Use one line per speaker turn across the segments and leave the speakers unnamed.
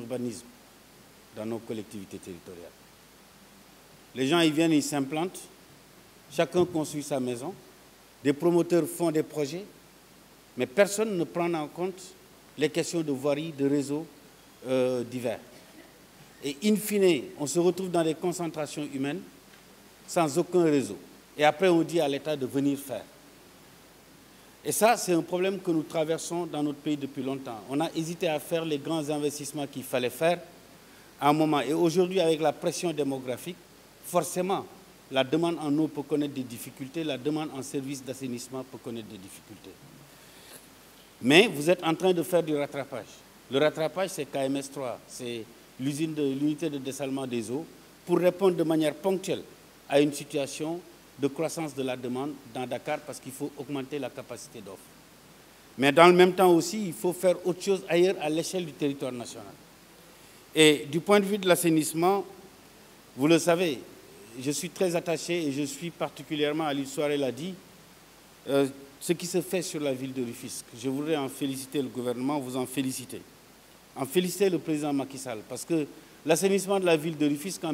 d'urbanisme dans nos collectivités territoriales. Les gens, ils viennent, ils s'implantent, chacun construit sa maison, des promoteurs font des projets, mais personne ne prend en compte les questions de voirie, de réseaux euh, divers. Et in fine, on se retrouve dans des concentrations humaines sans aucun réseau. Et après, on dit à l'État de venir Et ça, c'est un problème que nous traversons dans notre pays depuis longtemps. On a hésité à faire les grands investissements qu'il fallait faire à un moment. Et aujourd'hui, avec la pression démographique, forcément, la demande en eau peut connaître des difficultés, la demande en services d'assainissement peut connaître des difficultés. Mais vous êtes en train de faire du rattrapage. Le rattrapage, c'est KMS3, c'est l'usine de l'unité de dessalement des eaux, pour répondre de manière ponctuelle à situation de croissance de la demande dans Dakar parce qu'il faut augmenter la capacité Mais dans même temps aussi, il faut faire autre chose ailleurs à l'échelle du territoire national. Et du point de vue de l'assainissement, euh, la ville de Rufisque. Je voudrais en féliciter le gouvernement, vous en féliciter. En féliciter le président Macky Sall, parce que l'assainissement de la ville de Rufisque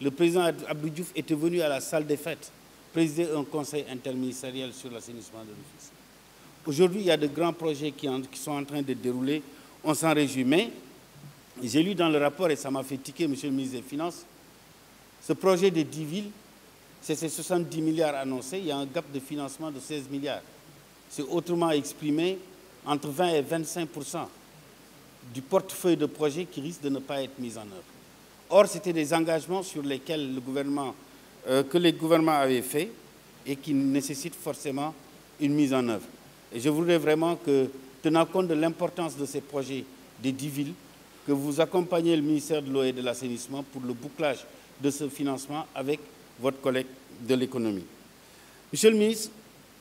le président Abdou Diouf était venu à la des fêtes présider un conseil interministériel sur l'assainissement de l'office. Aujourd'hui, il y de grands projets qui, en, qui sont en train On s'en réjouit. Mais dans le rapport, et ça m'a fait tiquer, monsieur le des Finances, ce projet de 10 villes, c'est ces 70 milliards annoncés. Il y a un gap de financement de 16 milliards. C'est autrement exprimé entre 20 et 25 du portefeuille de projets qui risque de en Or, c'était des engagements sur lesquels le gouvernement, euh, que les gouvernements avaient fait et qui nécessitent forcément une mise en œuvre. Et je voudrais vraiment que, tenant compte de l'importance de ces projets des dix villes, que vous accompagniez le ministère de l'eau et de l'assainissement pour le bouclage de ce financement avec votre collègue de l'économie. Monsieur le ministre,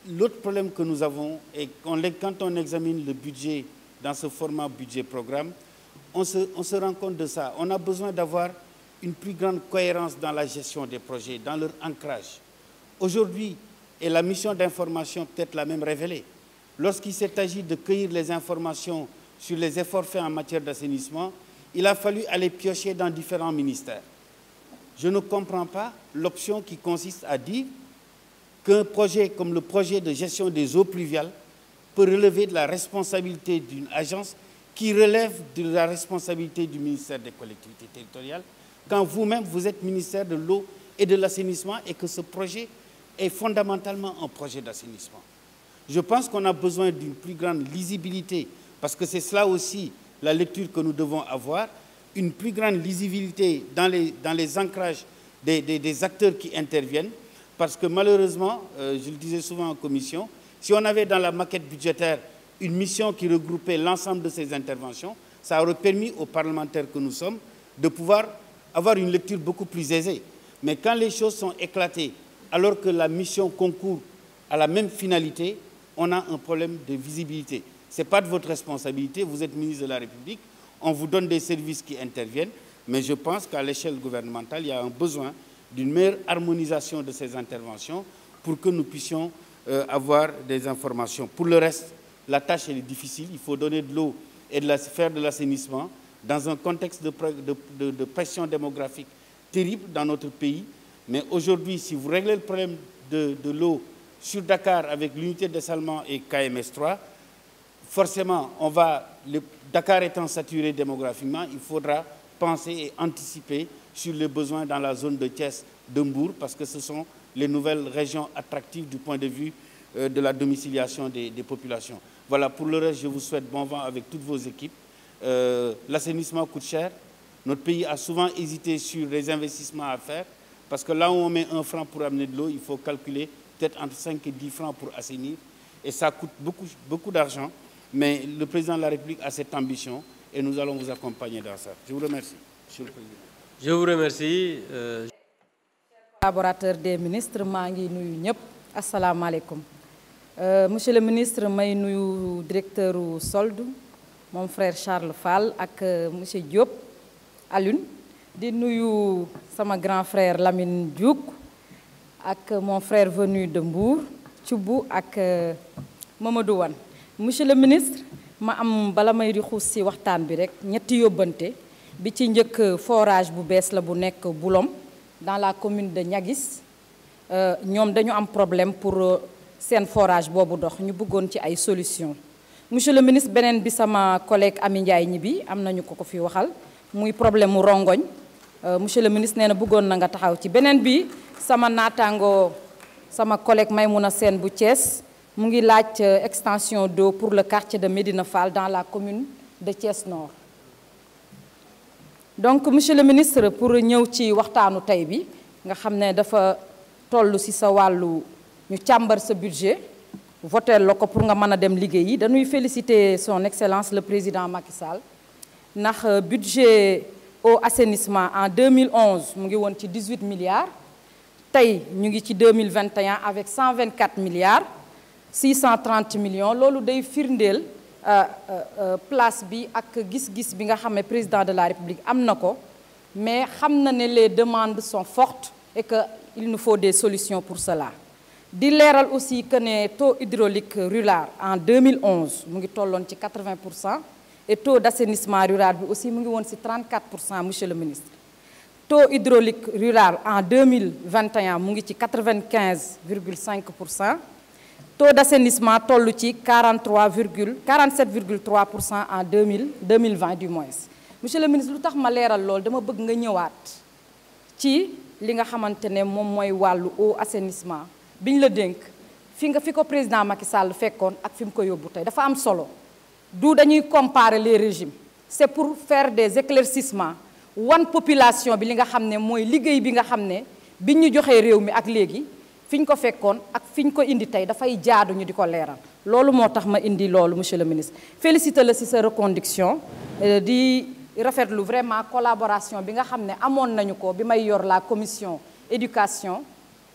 l'autre problème que nous avons, et quand on examine le budget dans ce format budget-programme, une plus grande cohérence dans la gestion des projets, dans leur ancrage. Aujourd'hui, et la mission d'information peut-être l'a même révélée, lorsqu'il s'est agi de cueillir les informations sur les efforts faits en matière d'assainissement, il a fallu aller piocher dans différents ministères. Je ne comprends pas l'option qui consiste à dire qu'un projet comme le projet de gestion des eaux pluviales peut relever de la responsabilité d'une agence qui relève de la responsabilité du ministère des collectivités territoriales quand vous-même vous êtes ministère de l'eau et de l'assainissement et que ce projet est fondamentalement un projet d'assainissement. Je pense qu'on a besoin d'une plus grande lisibilité, parce que c'est cela aussi la lecture que nous devons avoir, une plus grande lisibilité dans les, dans les ancrages des, des, des acteurs qui interviennent, parce que malheureusement, euh, je le disais souvent en commission, si on avait dans la maquette budgétaire une mission qui regroupait l'ensemble de ces interventions, ça aurait permis aux parlementaires que nous sommes avoir une lecture beaucoup plus aisée. Mais quand les choses sont éclatées, alors que la mission concourt à la même finalité, on a un problème de visibilité. Ce n'est pas de votre responsabilité, vous êtes ministre de la République, on vous donne des services qui interviennent, mais je pense qu'à l'échelle gouvernementale, il y a un besoin d'une meilleure harmonisation de ces interventions pour que nous puissions euh, avoir des informations. Pour le reste, la tâche elle il faut donner de l'eau et de la, faire dans un contexte de, de, de, de pression démographique terrible dans notre pays. Mais aujourd'hui, si vous réglez le problème de, de l'eau sur Dakar avec l'unité de dessalement et KMS3, forcément, on va, le, Dakar étant saturé démographiquement, il faudra penser et anticiper sur les besoins dans la zone de Thiès, de Mbourg, parce que ce sont les nouvelles régions attractives du point de vue euh, de la domiciliation des, des populations. Voilà, pour le reste, je vous souhaite bon vent avec euh, l'assainissement coûte cher. Notre pays a souvent hésité sur les investissements à faire parce que là où on met un franc pour amener de l'eau, il faut calculer peut-être entre 5 et 10 francs pour assainir. Et ça coûte beaucoup, beaucoup d'argent, mais le président de la République a cette ambition et nous allons vous accompagner dans ça. Je vous remercie, Monsieur le Président. Je vous remercie. Euh...
collaborateur des ministres maa ngi nuyu ñëpp asalaamaaleykum euh, monsieur le ministre may nuyu directeur solde moom frère Charles Fall ak euh, monsieur Diop Alune di nuyu sama grand frère Lamine Diouk ak euh, mon frère venu de Mbour Thioubou ak euh, Mamadou wan monsieur le ministre ma am bala may di xuus ci waxtaan bi rekk ñetti yóbbante bi ci njëkk forage bu bees la bu nekk Boulom dans la commune de Niaguis ñoom dañu am problème pour seen forage boobu dox ñu bëggoon ci ay solution monsieur le ministre beneen bi sama collègue Ami Ndiaye ñi bi am ko ko fi waxal muy problème mu rongoñ euh, monsieur le ministre nee na bëggoon na nga taxaw ci beneen bi sama naataango sama collègue a seen bu Thiès mu ngi laaj euh, extension d'eau pour le quartier de Médina Fall dans la commune de Thiès Nord donc monsieur le ministre pour ñëw ci waxtaanu tey bi nga xam ne dafa toll ci sa wàllu ñu càmbar sa budget voteel la ko pour nga mën a dem liggéey yi dañuy féliciter son excellence le président Macky Sall ndax euh, budget au assenissement en 2011 mu ngi woon ci 18 milliards tey ñu ngi ci 2021 avec 124 milliards 630 millions loolu day firndeel euh, euh, place bi ak gis-gis bi nga xam président de la république am na ko mais xam na ne les demandes son fortes et que il nous faut des solutions pour cela di leeral aussi que ne taux hydraulique rural en 2011 mu ngi tolloon ci 80 pour cent et taux d' rural bi aussi mu ngi woon si ci 34 pour cent monsieur le ministre. taux rural en 2021 mu ngi ci vingt 95 virgule cinq pour cent taux d' assainissement toll ci 43 virgule 47 virgule 3 pour cent en 2000 2020 du moins. monsieur le ministre lu tax ma leeral lool dama bëgg nga ñëwaat ci li nga xamante ne moom mooy wàllu eau assainissement. biñ la dénk fi nga fi ko président Macky Sall fekkoon ak fi mu ko yóbbu tey dafa am solo du dañuy comparer les régimes c'est pour fair des éclaircissements wan population bi li nga xam ne mooy liggéey bi nga xam ne biñ ñu joxee réew mi ak léegi fi ñu ko fekkoon ak fi ñu ko indi tey dafay jaadu ñu di ko leeral loolu moo tax ma indi loolu monsieur le ministre félicite la ci sa reconduction euh, di rafetlu vraiment collaboration bi nga xam ne amoon nañu ko bi may yor la commission éducation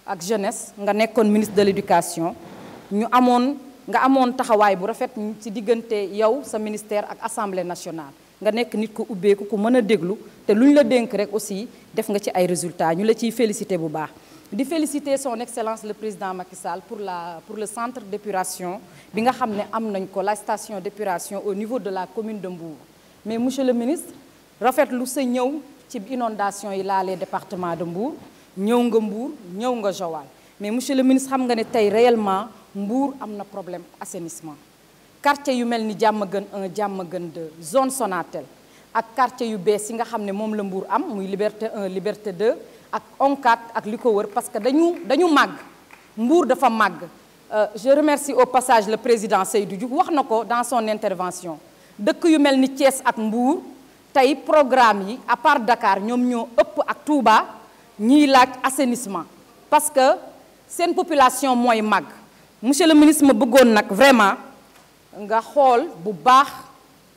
ak jeunesse nga nekkoon ministre de l'éducation ñu amoon nga amoon taxawaay bu rafet ci diggante yow sa ministère ak assemblée nationale nga nekk nit ko ubbeeku ku mën a déglu te lu ñu la dénk rek aussi def nga ci ay résultat ñu la ciy félicité bu baax di féliciter son excellence le président Macky Sall pour la pour le centre d'épuration bi nga xam ne am nañ ko la station d'épuration au niveau de la commune de Mbour mais monsieur le ministre rafetlu sa ñëw ci inondation yi laalee département de Mbour ñëw nga Mbour ñëw nga Joal mais monsieur le ministre xam nga ne tey réellement Mbour am na problème assainissement quartier yu mel ni jàmm gën Diamaguène 2 zone Sonatel ak quartier yu bees yi nga xam ne moom la Mbour am muy liberté 1 liberté ak ONCAT ak li ko wër parce que dañu dañu màgg mbuur dafa màgg euh, je remercie au passage le président Seydou Diouf wax na ko dans son intervention dëkk yu mel ni Thiès ak mbuur tey programme yi à part Dakar ñoom ñoo ëpp ak Touba ñiy laaj assainissement parce que seen population mooy màgg monsieur le ministre ma bëggoon nag vraiment nga xool bu baax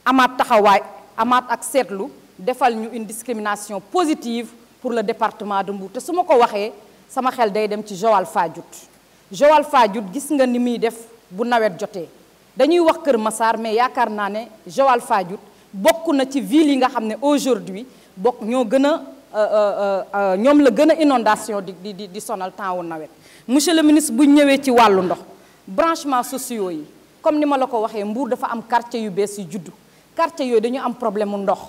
amaat taxawaay amaat ak seetlu defal ñu une discrimination positive pour le département de Mbour te su ma ko waxee sama xel day dem ci Joal Fadiouth Joal Fadiouth gis nga ni muy def bu nawet jotee dañuy wax Kër masaar mais yaakaar naa ne Joal Fadiouth bokk na ci ville yi nga xam ne aujourd'hui bokk ñoo gën a Euh, euh, euh, ñoom la gën a inondation di di di sonal temps wu nawet monsieur le ministre bu ñëwee ci wàllu ndox branchement sociaux yi comme ni ma la ko waxee mbuur dafa am quartier yu bees yu juddu quartier yooyu dañu am problème mu ndox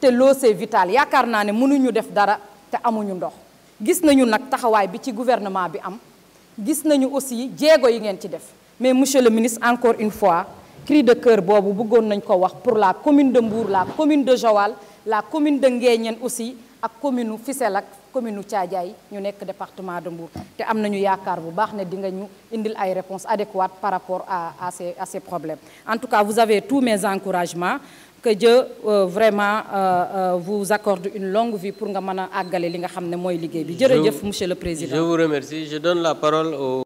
te loo c'est vital yaakaar naa ne mënuñu def dara te amuñu ndox gis nañu nag taxawaay bi ci gouvernement bi am gis nañu aussi jéego yi ngeen ci def mais monsieur le ministre encore une fois cri de cœur boobu bëggoon nañ ko wax pour la commune de Mbour la commune de Joal la commune de Nguéniène aussi ak commune Fissel ak commune Thiadiaye ñu nekk département de Mbour te am nañu yaakaar bu baax na di nga ñu indil ay réponses adéquates par rapport à à ces à ces problèmes en tout cas vous avez tous mes encouragements que Dieu euh, vraiment euh, euh, vous accorde une longue vie pour nga mën a àggale li nga xam ne mooy liggéey bi. jërëjëf monsieur le président je vous
remercie je donne la parole